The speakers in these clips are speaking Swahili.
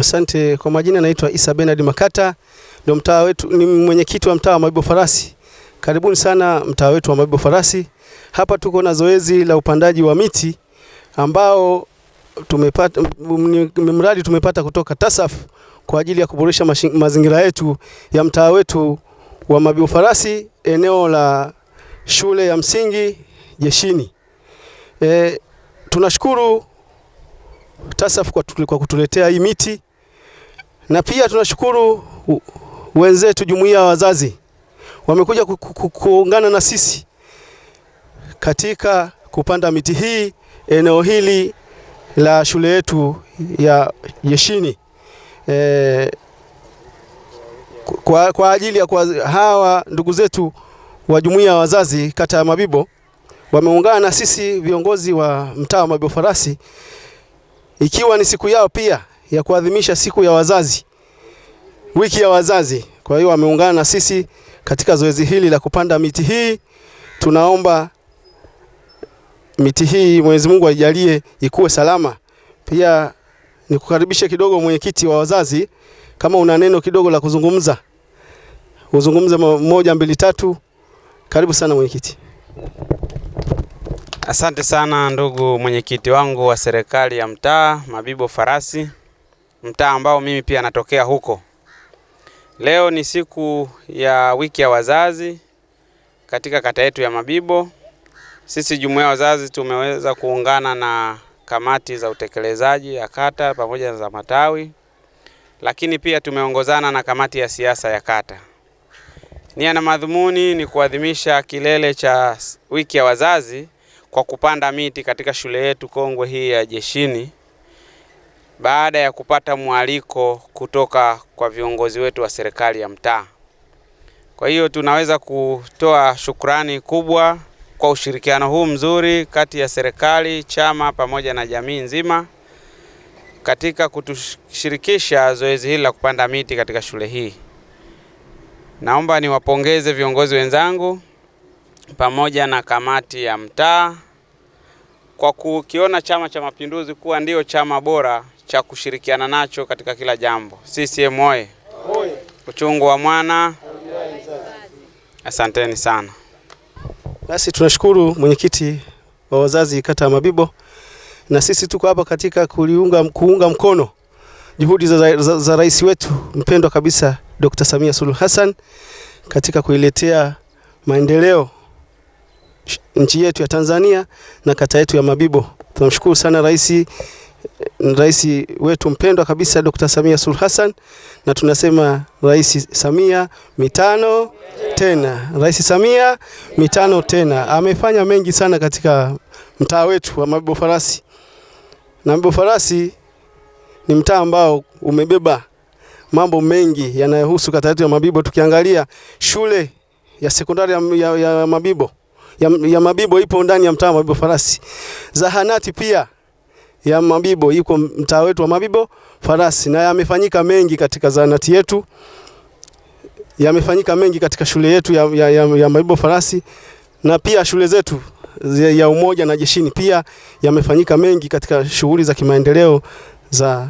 Asante kwa majina, naitwa Isa Bernard Makata, ndio mtaa wetu, ni mwenyekiti wa mtaa wa Mabibo Farasi. Karibuni sana mtaa wetu wa Mabibo Farasi. Hapa tuko na zoezi la upandaji wa miti ambao tumepata mradi tumepata kutoka TASAF kwa ajili ya kuboresha mazingira yetu ya mtaa wetu wa Mabibo Farasi, eneo la shule ya msingi Jeshini. E, tunashukuru TASAF kwa kutuletea hii miti, na pia tunashukuru wenzetu jumuiya ya wazazi wamekuja kuungana na sisi katika kupanda miti hii eneo hili la shule yetu ya Jeshini e, kwa, kwa ajili ya kwa hawa ndugu zetu wa jumuiya ya wazazi kata ya Mabibo wameungana na sisi viongozi wa mtaa wa Mabibo Farasi ikiwa ni siku yao pia ya kuadhimisha siku ya wazazi, wiki ya wazazi. Kwa hiyo wameungana na sisi katika zoezi hili la kupanda miti hii. Tunaomba miti hii Mwenyezi Mungu aijalie ikuwe salama. Pia nikukaribishe kidogo, mwenyekiti wa wazazi, kama una neno kidogo la kuzungumza uzungumze, moja mbili tatu. Karibu sana mwenyekiti. Asante sana ndugu mwenyekiti wangu wa serikali ya mtaa Mabibo Farasi, mtaa ambao mimi pia natokea huko. Leo ni siku ya wiki ya wazazi katika kata yetu ya Mabibo. Sisi jumuiya ya wazazi tumeweza kuungana na kamati za utekelezaji ya kata pamoja na za matawi, lakini pia tumeongozana na kamati ya siasa ya kata. Nia na madhumuni ni kuadhimisha kilele cha wiki ya wazazi kwa kupanda miti katika shule yetu kongwe hii ya Jeshini baada ya kupata mwaliko kutoka kwa viongozi wetu wa serikali ya mtaa. Kwa hiyo tunaweza kutoa shukrani kubwa kwa ushirikiano huu mzuri kati ya serikali, chama pamoja na jamii nzima katika kutushirikisha zoezi hili la kupanda miti katika shule hii. Naomba niwapongeze viongozi wenzangu pamoja na kamati ya mtaa kwa kukiona Chama cha Mapinduzi kuwa ndio chama bora cha kushirikiana nacho katika kila jambo. CCM oye! Uchungu wa mwana. Asanteni sana. Basi tunashukuru mwenyekiti wa wazazi kata ya Mabibo, na sisi tuko hapa katika kuliunga, kuunga mkono juhudi za, za, za rais wetu mpendwa kabisa Dr. Samia Suluhu Hassan katika kuiletea maendeleo nchi yetu ya Tanzania na kata yetu ya Mabibo. Tunamshukuru sana rais rais wetu mpendwa kabisa Dr. Samia Suluhu Hassan, na tunasema Rais Samia mitano tena, Rais Samia mitano tena. Amefanya mengi sana katika mtaa wetu wa Mabibo Farasi, na Mabibo Farasi ni mtaa ambao umebeba mambo mengi yanayohusu kata yetu ya Mabibo. Tukiangalia shule ya sekondari ya, ya, ya Mabibo ya, ya Mabibo ipo ndani ya mtaa wa Mabibo Farasi. Zahanati pia ya Mabibo iko mtaa wetu wa Mabibo Farasi, na yamefanyika mengi katika zahanati yetu, yamefanyika mengi katika shule yetu ya, ya, ya, ya Mabibo Farasi na pia shule zetu ya Umoja na Jeshini pia yamefanyika mengi katika shughuli za kimaendeleo za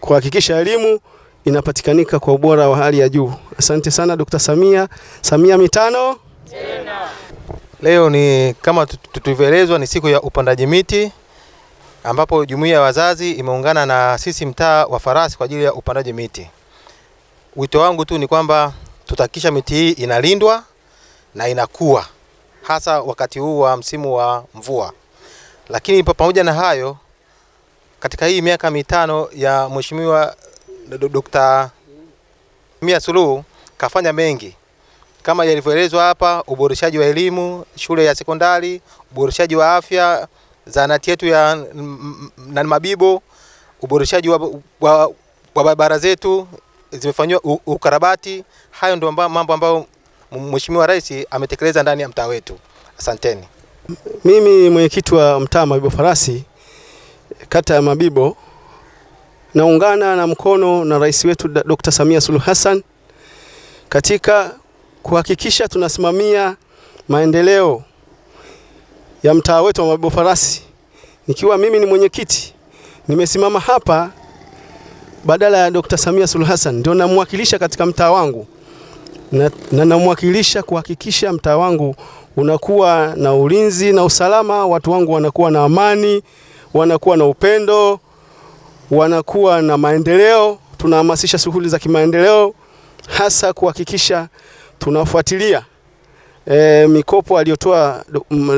kuhakikisha elimu inapatikanika kwa ubora wa hali ya juu. Asante sana Dr. Samia. Samia mitano tena. Leo ni kama tulivyoelezwa, ni siku ya upandaji miti ambapo jumuiya ya wazazi imeungana na sisi mtaa wa Farasi kwa ajili ya upandaji miti. Wito wangu tu ni kwamba tutahakikisha miti hii inalindwa na inakuwa hasa wakati huu wa msimu wa mvua. Lakini pamoja na hayo, katika hii miaka mitano ya Mheshimiwa Dr. Samia Suluhu kafanya mengi kama yalivyoelezwa hapa, uboreshaji wa elimu shule ya sekondari, uboreshaji wa afya zahanati yetu ya na Mabibo, uboreshaji wa, wa, wa barabara zetu zimefanyiwa ukarabati. Hayo ndio mambo ambayo Mheshimiwa Rais ametekeleza ndani ya mtaa wetu. Asanteni. Mimi mwenyekiti wa mtaa Mabibo Farasi, kata ya Mabibo, naungana na mkono na rais wetu Dr. Samia Suluhu Hassan katika kuhakikisha tunasimamia maendeleo ya mtaa wetu wa Mabibo Farasi. Nikiwa mimi ni mwenyekiti, nimesimama hapa badala ya Dr. Samia Suluhu Hassan, ndio namwakilisha katika mtaa wangu na namwakilisha kuhakikisha mtaa wangu unakuwa na ulinzi na usalama, watu wangu wanakuwa na amani, wanakuwa na upendo, wanakuwa na maendeleo. Tunahamasisha shughuli za kimaendeleo, hasa kuhakikisha tunafuatilia e, mikopo aliyotoa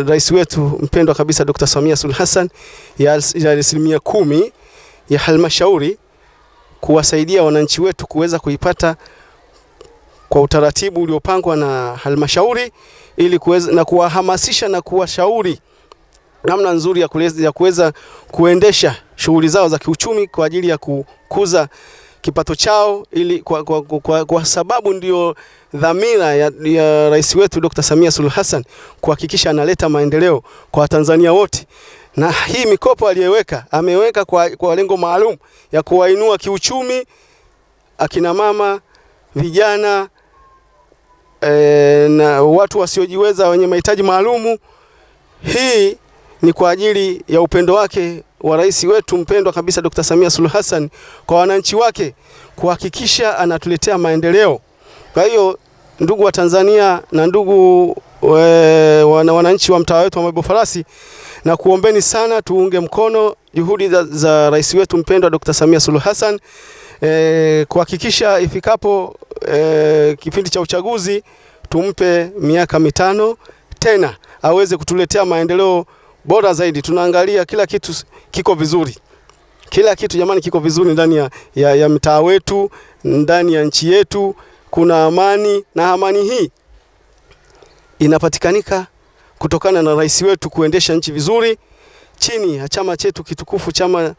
rais wetu mpendwa kabisa Dr. Samia Suluhu Hassan ya asilimia kumi ya halmashauri kuwasaidia wananchi wetu kuweza kuipata kwa utaratibu uliopangwa na halmashauri ili kuweza na kuwahamasisha na kuwashauri namna nzuri ya kuweza kuendesha shughuli zao za kiuchumi kwa ajili ya kukuza kipato chao ili kwa, kwa, kwa, kwa sababu ndiyo dhamira ya, ya rais wetu Dr. Samia Suluhu Hassan kuhakikisha analeta maendeleo kwa Watanzania wote na hii mikopo aliyeweka ameweka kwa, kwa lengo maalum ya kuwainua kiuchumi akina mama, vijana e, na watu wasiojiweza wenye mahitaji maalumu. Hii ni kwa ajili ya upendo wake wa rais wetu mpendwa kabisa Dr. Samia Suluhu Hassan kwa wananchi wake kuhakikisha anatuletea maendeleo. Kwa hiyo ndugu wa Tanzania na ndugu eh, we, wananchi wa mtaa wetu wa Farasi, na kuombeni sana tuunge mkono juhudi za, za rais wetu mpendwa Dr. Samia Suluhu Hassan e, kuhakikisha ifikapo e, kipindi cha uchaguzi tumpe miaka mitano tena aweze kutuletea maendeleo bora zaidi, tunaangalia kila kitu kiko vizuri, kila kitu jamani kiko vizuri ndani ya, ya, ya mtaa wetu, ndani ya nchi yetu kuna amani, na amani hii inapatikanika kutokana na rais wetu kuendesha nchi vizuri chini ya chama chetu kitukufu Chama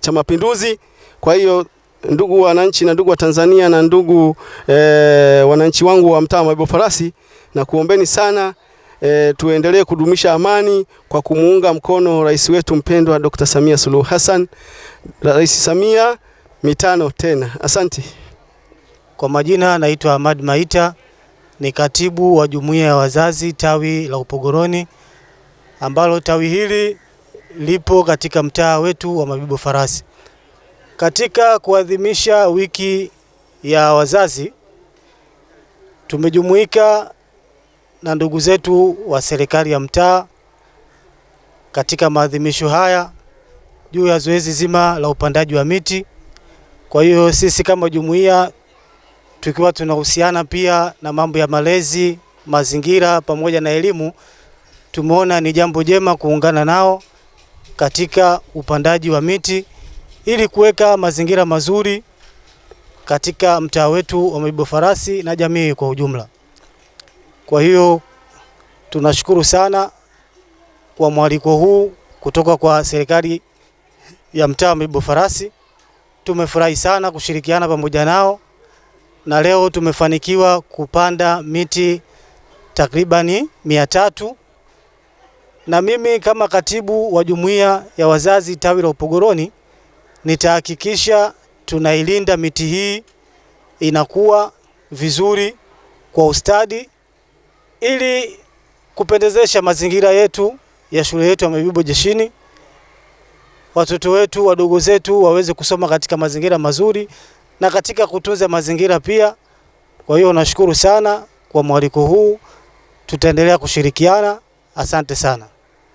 cha Mapinduzi. Kwa hiyo ndugu wananchi na ndugu wa Tanzania na ndugu eh, wananchi wangu wa mtaa wa farasi na kuombeni sana e, tuendelee kudumisha amani kwa kumuunga mkono rais wetu mpendwa Dr. Samia Suluhu Hassan. Rais Samia mitano tena. Asante. Kwa majina naitwa Ahmad Maita, ni katibu wa jumuiya ya wazazi tawi la Upogoroni, ambalo tawi hili lipo katika mtaa wetu wa Mabibo Farasi. Katika kuadhimisha wiki ya wazazi tumejumuika na ndugu zetu wa serikali ya mtaa katika maadhimisho haya juu ya zoezi zima la upandaji wa miti. Kwa hiyo sisi kama jumuiya tukiwa tunahusiana pia na mambo ya malezi, mazingira pamoja na elimu, tumeona ni jambo jema kuungana nao katika upandaji wa miti ili kuweka mazingira mazuri katika mtaa wetu wa Mabibo Farasi na jamii kwa ujumla. Kwa hiyo tunashukuru sana kwa mwaliko huu kutoka kwa serikali ya mtaa Mlibo Farasi. Tumefurahi sana kushirikiana pamoja nao na leo tumefanikiwa kupanda miti takribani mia tatu na mimi kama katibu wa jumuiya ya wazazi tawi la Upogoroni nitahakikisha tunailinda miti hii inakuwa vizuri kwa ustadi ili kupendezesha mazingira yetu ya shule yetu ya Mabibo Jeshini, watoto wetu wadogo zetu waweze kusoma katika mazingira mazuri na katika kutunza mazingira pia. Kwa hiyo nashukuru sana kwa mwaliko huu, tutaendelea kushirikiana. Asante sana.